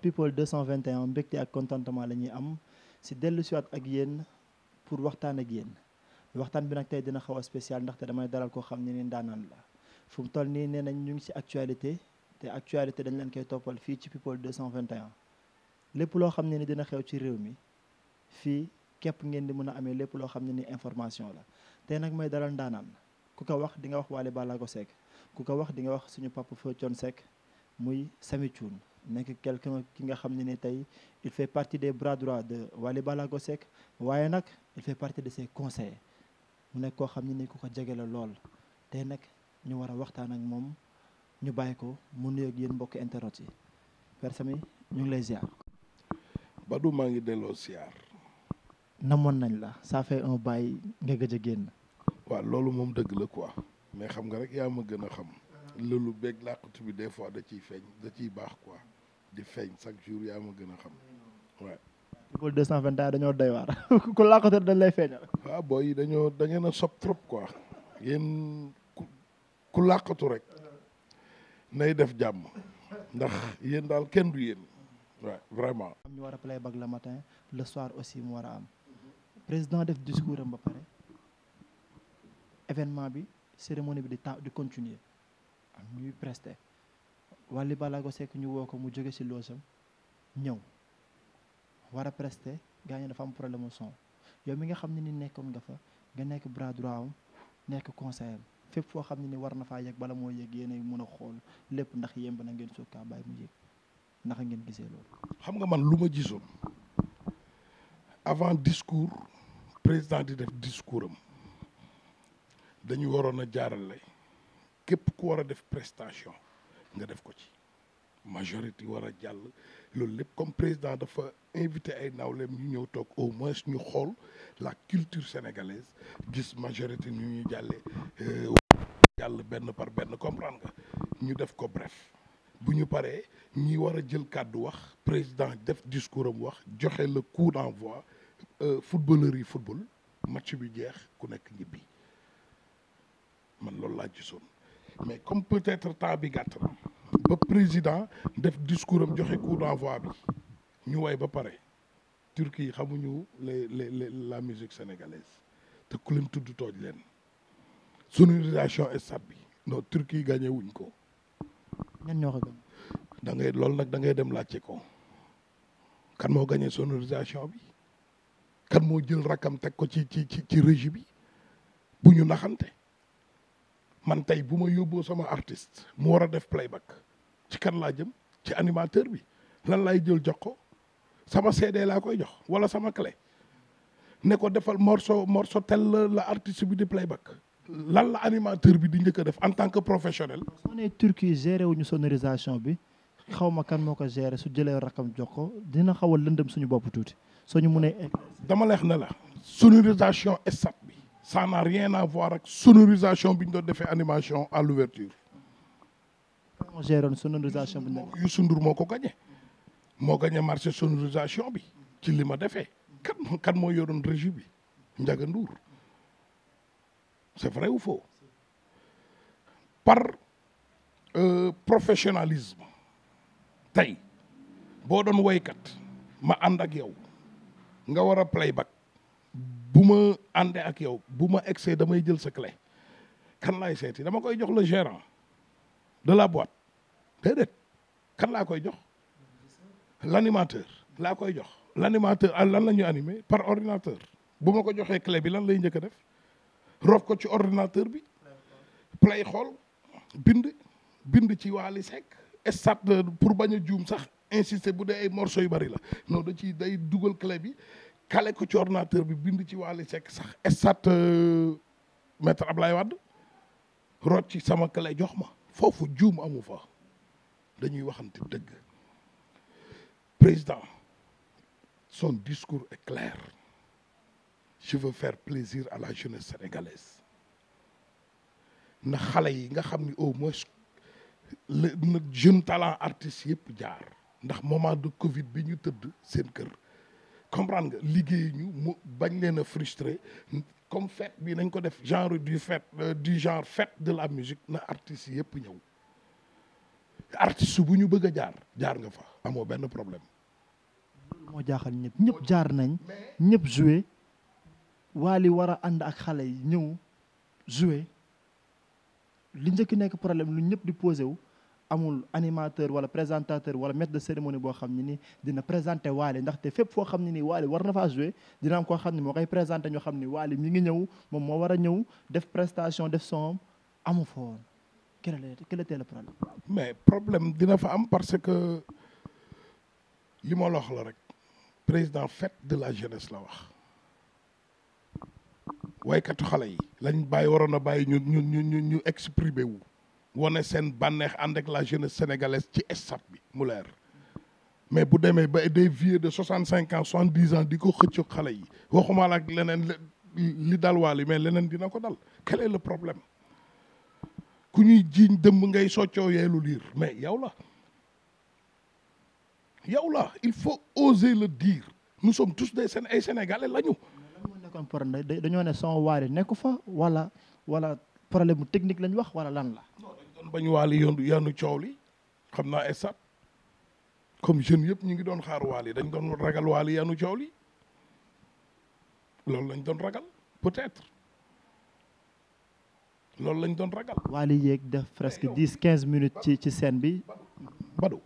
people 221 mbégte ak contentement la ñuy am si dellu siwaat ak yéen pour waxtaan ak yéen waxtaan bi nag tey dina xaw a spécial ndaxte damay daral koo xam ne ni ndaanaan la fu mu toll nii nee nañ ñu ngi si actualité te actualité dañ leen koy toppal fii ci people 221 lépp loo xam ne ni dina xew ci réew mi fii képp ngeen di mën a amee lépp loo xam ne ni information la tey nag may dalal ndaanaan ku ko wax di nga wax Wally Ballago Seck ku ko wax di nga wax suñu papa Feu Thione Seck muy Samy Thioune nekk quelqu'un ki nga xam ne ni tey il fait partie des bras droits de Waly Balago Seck waaye nag il fait partie de ses conseils mu nekk koo xam ne ni ku ko jege la lool tey nag ñu war a waxtaan ak moom ñu bàyyi ko mu nuyu ak yéen mbokk internet yi Père Samy ñu ngi lay ziar. Badou maa ngi delloo ziar. namoon nañ la ça fait un bail nga gëj a génn. waaw loolu moom dëgg la quoi mais xam nga rek yaa ma gën a xam. loolu beeg làqatu bi des fois da ciy feeñ da ciy baax quoi. di feeñ chaque jour yaa ma gën a xam waaw. People 221 dañoo day waar ku laakote dañ lay feeñal. waaw booy dañoo da ngeen a sob trop quoi. yéen ku ku rek nay def jàmm ndax yéen daal kenn du yéen waaw vraiment. am ñu war a play bag la matin le soir aussi mu war a am président def discours am ba pare événement bi cérémonie bi di temps di continuer am ñuy prester. balaa ko Seck ñu woo ko mu jóge si loosam ñëw war a prester gaañu dafa am problème mu son yow mi nga xam ne ni nekkoon nga fa nga nekk bras droit am nekk conseil am foo xam ne ni war na faa yegg bala moo yegg yéenay mën a xool lépp ndax yemb na ngeen soog kaa bàyyi mu yegg ndax ngeen gisee loolu. xam nga man lu ma gisoon avant discours président di def discours am dañu waroon a jaarale képp ku war a def prestation. nga def ko ci majorité war a jàll loolu lépp comme président dafa invité ay nawleem ñu ñëw toog au moins ñu xool la culture sénégalaise gis majorité ñu ñu jàllee euh, jàll benn par benn comprendre nga ñu def ko bref bu ñu paree ñi war a jël kàddu wax président def discours am wax joxe le coup d'envoi euh, footballeur yi football match bi jeex ku nekk ñibbi man loolu laa gisoon mais comme peut-être temps bi gàtt na ba président def discours am joxe coup d'envoi bi ñu woy ba pare Turquie xamuñu les les la musique sénégalaise te ku leen tudd tooj leen sonorisation stade bi non Turquie gagné wuñ ko. ñan ñoo ko da ngay loolu nag da ngay dem laajte ko kan moo gagné sonorisation bi kan moo jël rakam teg ko ci ci ci régie bi bu ñu naxante. man tey bu ma yóbboo sama artiste mu war a def playback ci kan laa jëm ci animateur bi lan laay jël jox ko sama CD laa koy jox wala sama clé ne ko defal morceau morceau tel la artiste bi di playback lan la animateur bi di njëkk def en tant que professionnel. soo nee Turquie wu ñu sonorisation bi xaw ma kan moo ko géré su jëlee rakam jox ko dina xaw a lëndëm suñu boppu tuuti soo ñu munee. dama leex ne la sonorisation stade bi. ça n'a rien à voir ak sonorisation bi ñu doon defee animation à l'ouverture moo géroon sonorisation bi Youssou Ndour moo ko gagné moo gagné marché sonorisation bi ci li ma defee kan kan moo yoroon régie bi njaga Ndour c'est vrai ou faux par euh, professionnalisme tey boo doon woykat ma ànd ak yow nga war a playback bu ma àndee ak yow bu ma egsee damay jël sa clé kan laay seeti dama koy jox le gérant de la boîte déedéet kan laa koy jox l'animateur laa koy jox l'animateur ah, lan lañu ñuy animé par ordinateur bu ma ko joxee clé bi lan lay njëkk a def rof ko ci ordinateur bi play xool bind bind ci waali sec stade pour bañ a juum sax insister bu dee ay morceaux yu bari la noonu da ci day duggal clé bi kale ko ci ordinateur bi bind ci Wally Seck sax estat euh, maître Ablaye Wade root ci sama kale jox ma foofu juum amu fa dañuy waxante dëgg président son discours est clair je veux faire plaisir à la jeunesse sénégalaise na xale yi nga xam ni au moins le jeune talent artiste yëpp jaar ndax moment de Covid bi ñu tëdd seen kër comprendre nga liggéey ñu mu bañ leen a frustré comme fête bii nañ ko def genre du fête euh, du genre fête de la musique na artistes yëpp ñëw artiste bu ñu bëgg a jaar jaar nga fa amoo benn problème moo jaaxal ñëpp ñëpp jaar nañ ñëpp joué waali war a ànd ak xale yi ñëw joué li njëkk nekk problème lu ñëpp di posé wu amul animateur wala présentateur wala maître de cérémonie boo xam ne ni dina présenté Wally ndaxte fépp foo xam ne nii Wally war na faa joué dina am koo xam ni moo koy présenté ñoo xam ni Wally mu ngi ñëw moom moo war a ñëw def prestation def son amu fa woon quel était le problème. mais problème dina fa am parce que li la rek président fête de la jeunesse la wax. waykatu xale yi. lañ bàyyi waroon na bàyyi ñu ñu ñu ñu exprimer wu. wane seen bànneex ànd ek la jeunesse sénégalaise ci stade bi mu leer mais bu demee ba des vieux de soixante cinq ans soixante dix ans di ko xëcc xale yi waxuma la ak leneen li dal waali mais leneen dina ko dal quel est le problème ku ñuy jiiñ dëmb ngay soccoo yeelu liir mais yow la yow la il faut oser le dire nous sommes tous des ay sénégalais la ñu. kon problème dañoo ne son waari nekku fa wala wala problème mu technique lañ wax wala lan la. doon bañ waali yoon yanu coow li xam naa estat comme jeunes yëpp ñu ngi doon xaar waali dañ doon ragal waali yanu coow li loolu lañ doon ragal peut-être loolu lañ doon ragal. waali yéeg def presque dix quinze minutes ci ci scène bi. badu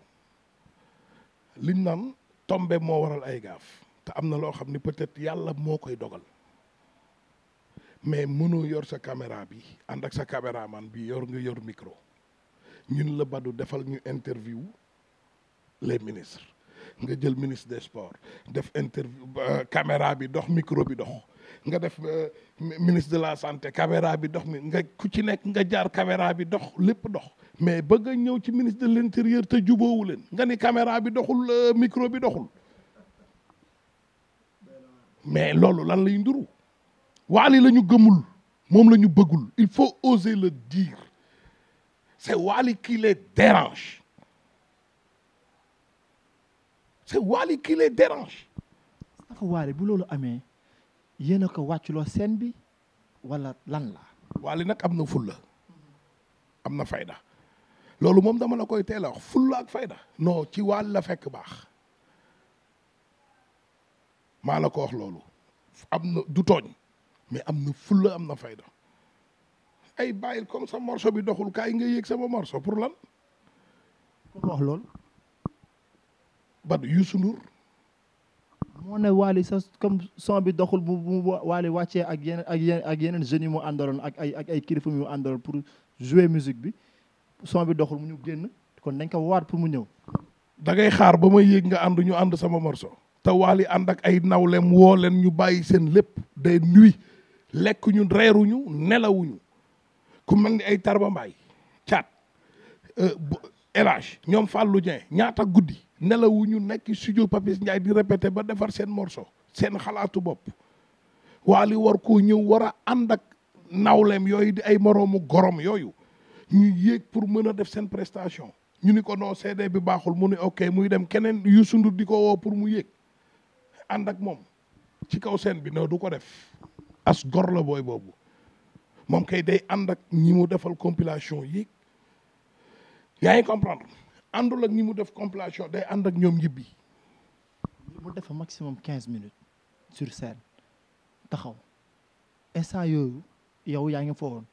liñ naan tombé moo waral ay gaaf. te am na loo xam ni peut-être yàlla moo koy dogal mais mënoo yor sa caméra bi ànd ak sa caméraman bi yor nga yor micro. ñun la Badou defal ñu interview les ministres nga jël ministre des sport def interview caméra bi dox micro bi dox nga def euh, ministre de la santé caméra bi dox mi nga ku ci nekk nga jaar caméra bi dox lépp dox mais bëgg a ñëw ci ministre de l'intérieur te jubóowu leen nga ni caméra bi doxul euh, micro bi doxul mais loolu lan lay nduru waali lañu gëmul moom la ñu bëggul il faut oser le dire C'est Wali qui les dérange. C'est Wali qui les dérange. naka Wali bu loolu amee yéen a ko wàcculoo seen bi walla lan la. Wali nag am na fulla am na fayda loolu moom dama la koy teel a fulla ak fayda. noo ci Wali la fekk baax maa la ko wax loolu am na du tooñ mais am na fulla am na fayda. ay bàyyil comme sa morceau bi doxul kaay nga yéeg sama morceau pour lan. ku lool. Bad Youssou Ndour. moo ne Waly sa comme son bi doxul mu bu Waly wàccee ak yeneen ak yeneen ak yeneen jeunes yi mu àndaloon ak ay ak ay kilifa yu mu àndaloon pour jouer musique bi son bi doxul mu ñu génn kon dañ ko waat pour mu ñëw. da ngay xaar ba may yéeg nga ànd ñu ànd sama morceau. te Waly ànd ak ay nawleem woo leen ñu bàyyi seen lépp day nuy lekk ñu reeruñu nelawuñu. ku mel ni ay Tarba Mbaye caat élage euh, ñoom Fallou Dieng ñaata guddi nelawuñu nekk studio Papis Ndiaye di répété ba defar seen morso seen xalaatu bopp waa li war koo ñëw war a ànd ak nawleem yooyu di ay moroomu gorom yooyu ñu yéeg pour mën a def seen prestation ñu ni ko non CD bi baaxul mu ni ok muy dem keneen Youssou Ndour di ko woo pour mu yéeg ànd ak moom ci kaw seen bi no du ko def as gor booy boobu moom kay day ànd ak ñi mu defal compilation yi yaa ngi comprendre àndul ak ñi mu def compilation day ànd ak ñoom yibbi mu defa maximum quinze minutes sur scène taxaw instant yooyu yow yaa ngi foogoon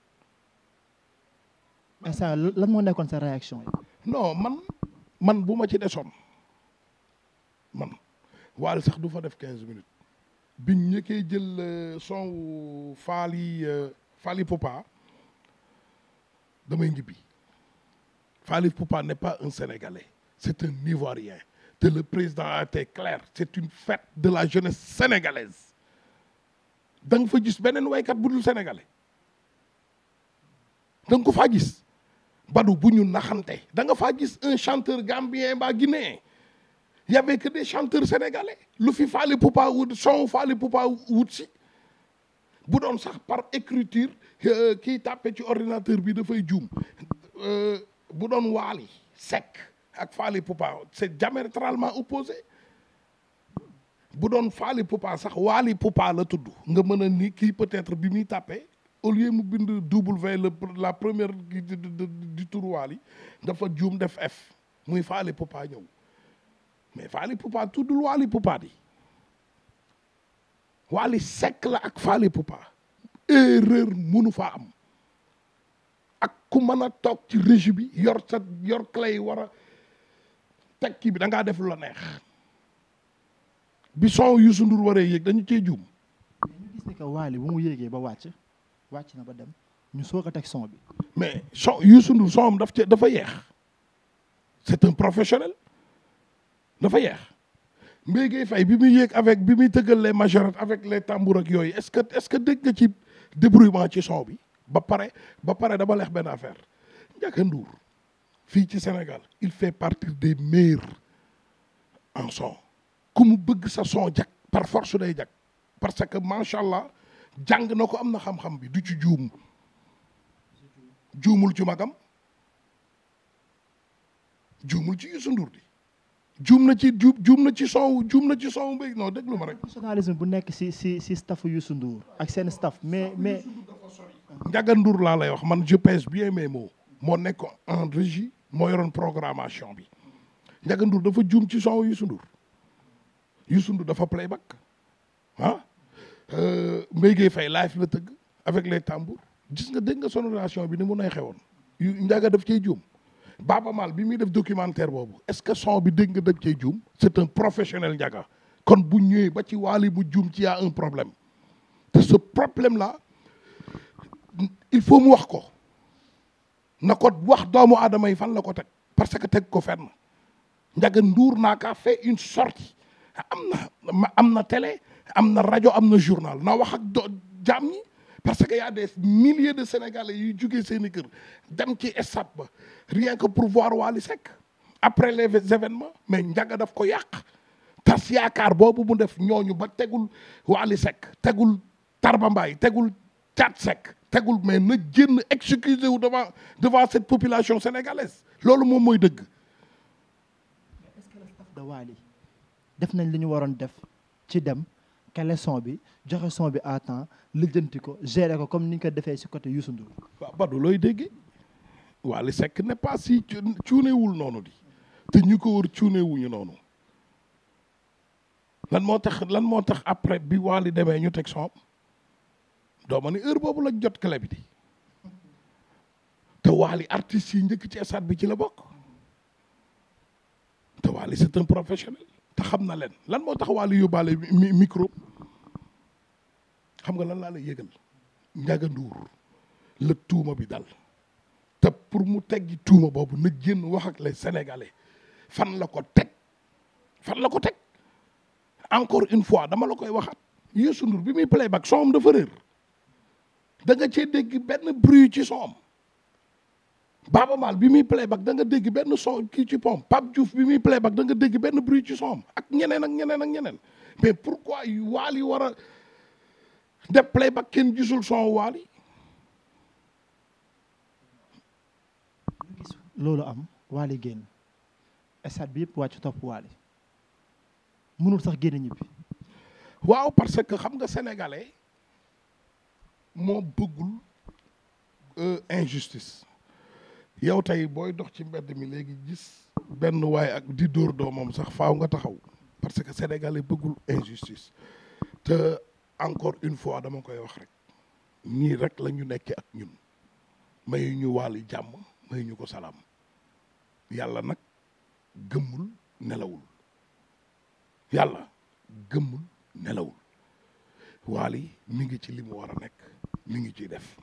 instant lan moo nekkoon sa réaction yi non man man bu ma ci desoon man waale sax du fa def quinze minutes biñ ñëkkee jël euh, son faal yi euh, Fally Poupa damay ñibbi Fally Poupa n'est pas un Sénégalais c'est un Ivoirien de le président a été clair c'est une fête de la jeunesse sénégalaise da nga fa gis beneen waykat bu dul sénégalais da nga gis badu bu ñu naxante da nga gis un chanteur gambien mbaa guinéen y avait que des sénégalais lu fi Fally Poupa wut son Fally Poupa wut si bu doon sax par écriture euh, kiy tàppe ci ordinateur bi dafay juum euh, bu doon waali sec ak faali poupa c'est diamétralement opposé bu doon faali poupa sax waali poupa la tudd nga mën a ni kii peut-être bi muy tàppe au lieu mu bind W la la première du tur waali dafa juum def F muy faali poupa ñëw mais faali poupa tuddul waali poupa di Wally Seck la ak Fally Poupa erreur mënu faa am ak ku mën a toog ci régie bi yor sa yor clé war a teg kii bi dangaa def lu la neex bi son Youssou Ndour waree yéeg dañu cee juum mais ñu gis mu yéegee ba wàcc wàcc na ba dem ñu soog a teg son bi mais son Youssou Ndour son am daf ci dafa yeex c'est un professionnel dafa yeex Mbaye Gueye fay bi muy yéeg avec bi muy tëggal les majorettes avec les tambours ak yooyu est-ce que est-ce que dégg nga ci débrouillement ci son bi ba pare ba pare dama leex benn affaire Ndiaga Ndour fii ci Sénégal il fait partie des maire en son ku mu bëgg sa son jag par force day jag parce que macha allah jàng na ko am na xam-xam bi du ci juum juumul ci magam juumul ci Youssou Ndour di juum na ci juum juum na ci soow juum na ci soow mbéy non déglu ma rek. personnalisme bu nekk si si si staffu Youssou Ndour ak seen staff mais mais. Ndiaga Ndour laa lay wax man je pèse bien mes moo nekk en régie moo yoroon programmation bi Ndiaga dafa juum ci soow Youssou Ndour Youssou Ndour dafa playback mbay ah. euh, Mbaye fay Faye live la tëgg avec les tambours gis nga dégg nga sonorisation bi ni mu nay xewoon Ndiaga daf cay juum. Baaba Maal bi muy def documentaire boobu est-ce que son bi dégg nga cee juum c'est un professionnel njaga kon bu ñëwee ba ci waali mu juum ci y'a un problème te ce problème là il faut mu wax ko na ko wax doomu aadama yi fan la ko teg parce que teg ko fenn njaga nduur naa ka fait une sortie am na am na tele am na rajo am na journal na wax ak do jaam ñi parce que y a des milliers de sénégalais yu jugee seeni kër dem ci stade ba rien que pour voir Wally Seck après les événements mais njaga daf ko yàq tas yaakaar boobu bu def ñooñu ba tegul Wally Seck tegul Tarba Mbaye tegul Thiat Seck tegul mais na génn excusé wu devant devant cette population sénégalaise loolu moom mooy dëgg. est-ce def nañ li ñu waroon def ci dem. kele bi joxe son bi à temps lijjanti ko gérer ko comme ni ñu ko defee si côté Youssou Ndour. waaw Badou looy déggee Wally Seck n'est si cuunewul noonu di te ñu ko wër cuunewuñu noonu lan moo tax lan moo tax après bi Wally demee ñu teg son doo ma ni heure boobu lañ jot clé bi di te Wally artistes yi njëkk ci stade bi ci la bokk te Wally c'est un professionnel. te xam na leen lan moo tax Wally yóbbaale micro xam nga lan laa la yëgal Ndiaga Ndour la tuuma bi dal te pour mu teggi tuuma boobu na génn wax ak les fan la ko teg fan la ko teg encore une fois dama la koy waxat Youssou Ndour bi muy playback soom dafa réer danga cee dégg benn bruit ci soom Baaba Maal bi muy playback da nga dégg benn son kii ci pom Pape Diouf bi muy playback da danga dégg benn bruit ci son ak ñeneen ak ñeneen ak ñeneen mais pourquoi waal yi war a def playback kenn gisul son waal loolu am waali génn stade bi yëpp wàcc topp waali mënul sax génn ñibbi waaw parce que xam nga sénégalais moo bëggul euh, injustice yow tey booy dox ci mbedd mi léegi gis benn waay ak di dóor doomam sax faaw nga taxaw parce que sénégalais bëggul injustice te encore une fois dama koy wax rek ñii rek la ñu nekkee ak ñun mayu ñu wàlli jàmm mayu ñu ko salaam yàlla nag gëmmul nelawul yàlla gëmmul nelawul waali mi ngi ci limu war a nekk mi ngi ciy def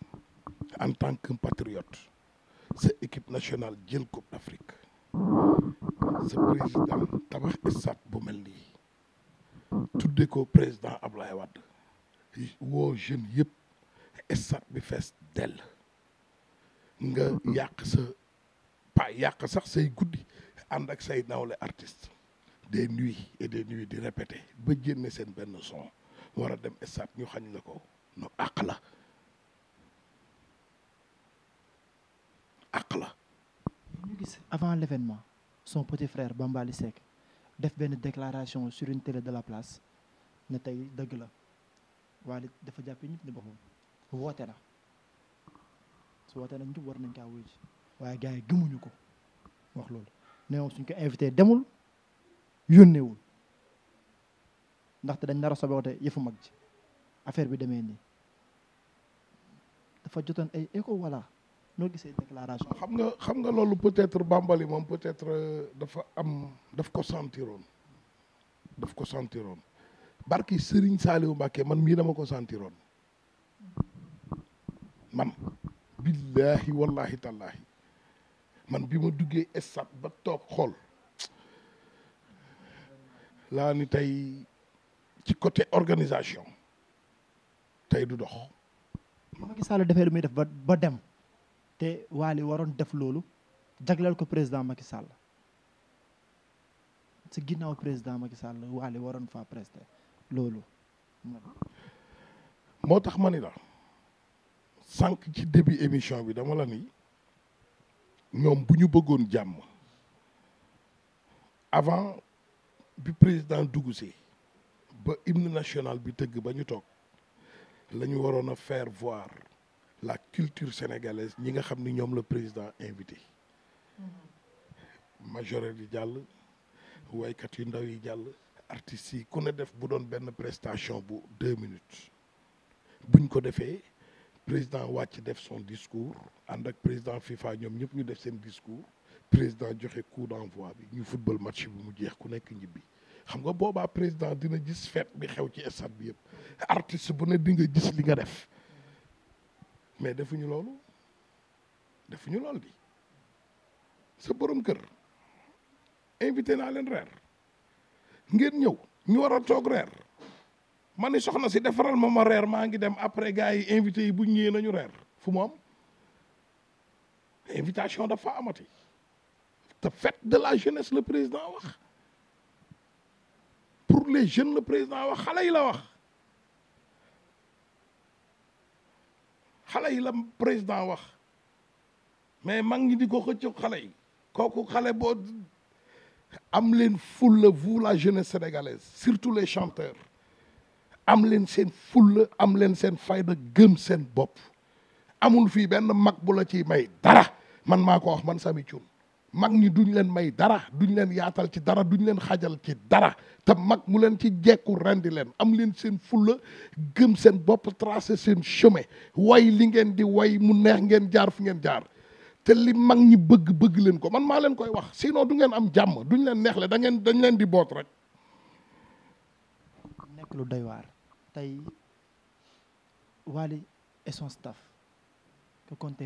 en tant que patriote sa équipe nationale jël coupe d'Afrique sa président tabax stade bu mel nii tudde ko président Ablaye Wade woo jeune yëpp stade bi fees dell nga yàq sa pa yàq sax say guddi ànd ak say nawle artist des nuits et des nuits di répété ba génne seen benn son war a dem stade ñu xañ la ko no àq la àq la. ñu gis avant l' événement son petit frère Bambali Seck def benn déclaration sur une télé de la place ne tey dëgg la waaye dafa jàpp ñëpp ni boppam woote na su wootee nag ñëpp war nañ kaa wuyu waaye gars yi gëmuñu ko wax loolu ne moom suñ ko invité demul yónneewul ndaxte dañ nar a soboote yëfu mag ji affaire bi demee nii dafa jotoon ay écho walla noo gisee déclaration xam nga xam nga loolu peut-être Bambali moom peut-être euh, dafa am daf ko sentiroon daf ko sentiroon barki Serigne Saliou Mbacké man mii dama ko sentiroon man billahi wallahi tallahi man bi ma duggee estat ba toog xool laa ni tey ci côté organisation tey du dox ma gis Saliou defee lu muy def ba ba dem te Wally waroon def loolu jagleel ko président Macky Sall ci ginnaaw président Macky Sall Wally waroon faa prester loolu. moo tax ma ni la sànq ci début émission bi dama la ni ñoom bu ñu bëggoon jàmm avant bi président dugg si ba hymne national bi tëgg ba ñu toog la ñu waroon a faire voir. la culture sénégalaise ñi nga xam ni ñoom la président invité mm-hmm. majorel yi jàll waykat yu ndaw yi jàll artistes yi ku ne def bu doon benn prestation bu deux minutes buñ ko defee président wàcc def son discours ànd ak président FIFA ñoom ñëpp ñu def seen discours président joxe coup d'envoi bi ñu football match bi mu jeex ku nekk ñibbi xam nga boobaa président dina gis fête bi xew ci stade bi yëpp artiste bu ne di nga gis li nga def mais defuñu loolu defuñu loolu di sa borom kër invité naa leen reer ngeen ñëw ñu war a toog reer ma ni soxna si defaral ma ma reer maa ngi dem après gars yi invité yi bu ñëwee nañu reer fu mu am invitation dafa amati te fête de la jeunesse le président wax pour les jeunes le président wax xale yi la wax xale yi la président wax mais mag ngi di ko xëcc xale yi kooku xale boo am leen fulla vous la jeunesse sénégalaise surtout les chanteur am leen seen fulla am leen seen fay fayda gëm seen bopp amul fii benn mag bu la ciy may dara man maa ko wax man sami Thioune mag ñi duñ leen may dara duñ leen yaatal ci dara duñ leen xajal ci dara te mag mu leen ci jekku rendi leen am leen seen fulla gëm seen bopp tracé seen chemin way li ngeen di way mu neex ngeen jaar fu ngeen jaar te li mag ñi bëgg bëgg leen ko man maa leen koy wax sinoo du ngeen am jàmm duñ leen neexle da dangeen dañ leen di boot rek. nekk lu doy waar tey Wally et son staff que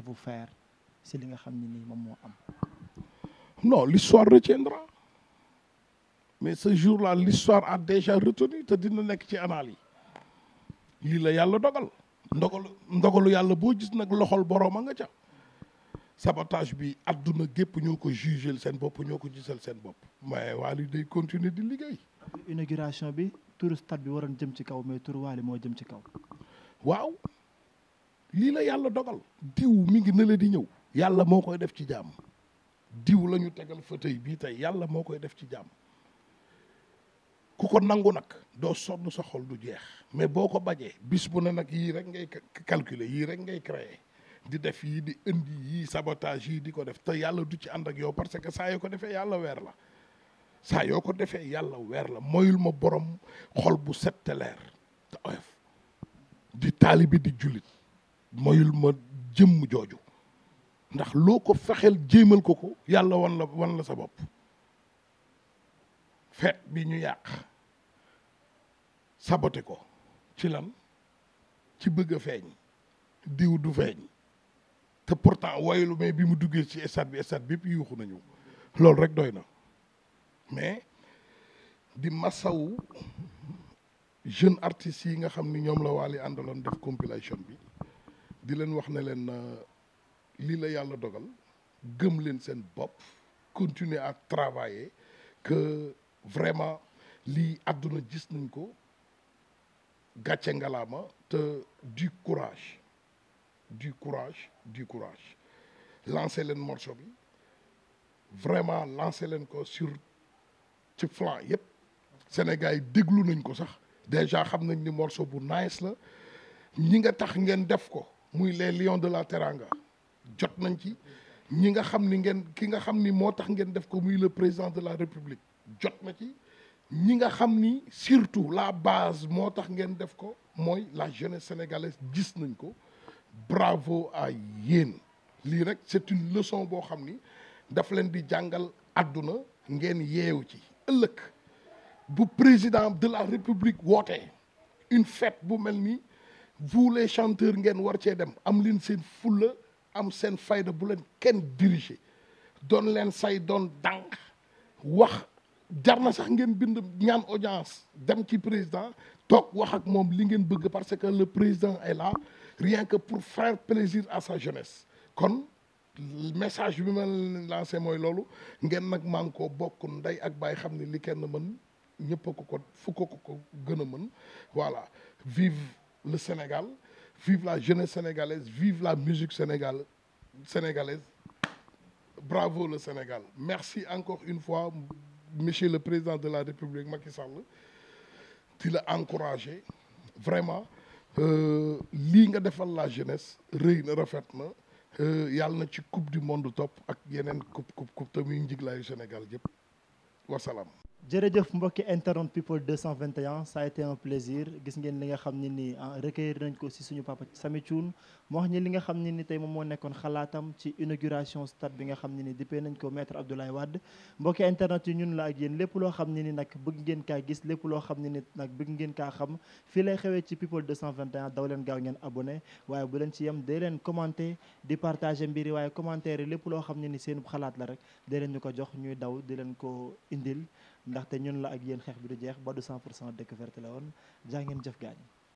si li nga xam ne nii moom moo am. Non, l'histoire retiendra. Mais ce jour-là, l'histoire a déjà retenu te dina nekk ci anal yi lii la yàlla dogal ndogalu ndogalu yàlla boo jis nag loxol boroom a nga ca sabotage bi àdduna gépp ñoo ko jugel seen bopp ñoo ko gisal seen bopp mais waali day continuer di liggéey inauguration bi turu stade bi waroon jëm ci kaw mais turu Wally moo jëm ci kaw waaw lii la yàlla dogal diw mi ngi ne di ñëw yàlla moo koy def ci jàmm diw la ñu tegal fauteuil bii tey yàlla moo koy def ci jàmm ku ko nangu nag doo sonn sa xol du jeex mais boo ko bajee bis bu ne nag yii rek ngay calculer yii rek ngay créer di def yii di indi yii sabotage yii di ko def te yàlla du ci ànd ak yow parce que saa yoo ko defee yàlla weer la saa yoo ko defee yàlla weer la moyul ma borom xol bu set te leer te oyof di taalibi di jullit moyul ma jëmm jooju ndax loo ko fexeel jéemal ko ko yàlla wan la wan la sa bopp fet bi ñu yàq sabote ko ci lan ci bëgg feeñ diw du feeñ te pourtant waylu mais bi mu duggee ci stade bi stade bi yuuxu nañu loolu rek doy na mais di masawu jeune artistes yi nga xam ni ñoom la Wally àndaloon def compilation bi di leen wax ne leen euh, lii la yàlla dogal gëm leen seen bopp continuer à travailler que vraiment lii àdduna gis nañ ko gàcce ngalaama te du courage du courage du courage lancer leen morso bi vraiment lancer leen ko sur ci flanc yëpp Sénégal yi déglu nañ ko sax déjà xam nañ ni morso bu nice la ñi nga tax ngeen def ko muy les lions de la Teranga jot nañ ci ñi nga xam ni ngeen ki nga xam ni moo tax ngeen def ko muy le président de la république jot na ci ñi nga xam ni surtout la base moo tax ngeen def ko mooy la jeunesse sénégalaise gis nañ ko bravo à yéen lii rek c'est une leçon boo xam ni daf leen di jàngal àdduna ngeen yeewu ci ëllëg bu président de la république woote une fête bu mel ni vous les chanteurs ngeen war cee dem am leen seen fulla am seen fayda bu leen kenn diriger doon leen say doon dànk wax jar na sax ngeen bind ñaan audience dem ci président toog wax ak moom li ngeen bëgg parce que le président est la rien que pour faire plaisir à sa jeunesse kon message bi ma lancé mooy loolu ngeen nag maa ngi koo bokk ndey ak bàyyi xam ne li kenn mën ñëpp ko ko fukk ko ko gën a mën voilà vive le Sénégal vive la jeunesse sénégalaise vive la musique sénégalaise sénégalaise bravo le Sénégal merci encore une fois monsieur le président de la République Macky Sall di la encourager vraiment euh, lii nga defal la jeunesse rëy na rafet na euh, yàlla na ci coupe du monde topp ak yeneen coupe coupe coupe tamit njiglaayu Sénégal yëpp jërëjëf mbokki internet people 221 ça a été un ngeen li nga xam ne nii ah, recueillir ko si suñu papa Samy Thioune mu wax ñi li nga xam ne ni tey moom moo nekkoon xalaatam ci inauguration stade bi nga xam ne ni dippee nañ ko maître Abdoulaye Wade mbokki internet yi ñun la ak yéen lépp loo xam ne ni nag bëgg ngeen kaa gis loo xam ne ni nag bëgg ngeen kaa xam fii lay xewee ci people 221 daw leen gaaw ngeen abonné waaye bu leen ci yem dee leen commenté di partagé mbir yi waaye commentaire lépp loo xam ne ni seen xalaat la rek dee leen ñu ko jox ñuy daw di leen ko indil ndaxte ñun la ak yéen xeex bi du jeex ba du 100 pour cent découverte la woon jaa ngeen jëf gaañ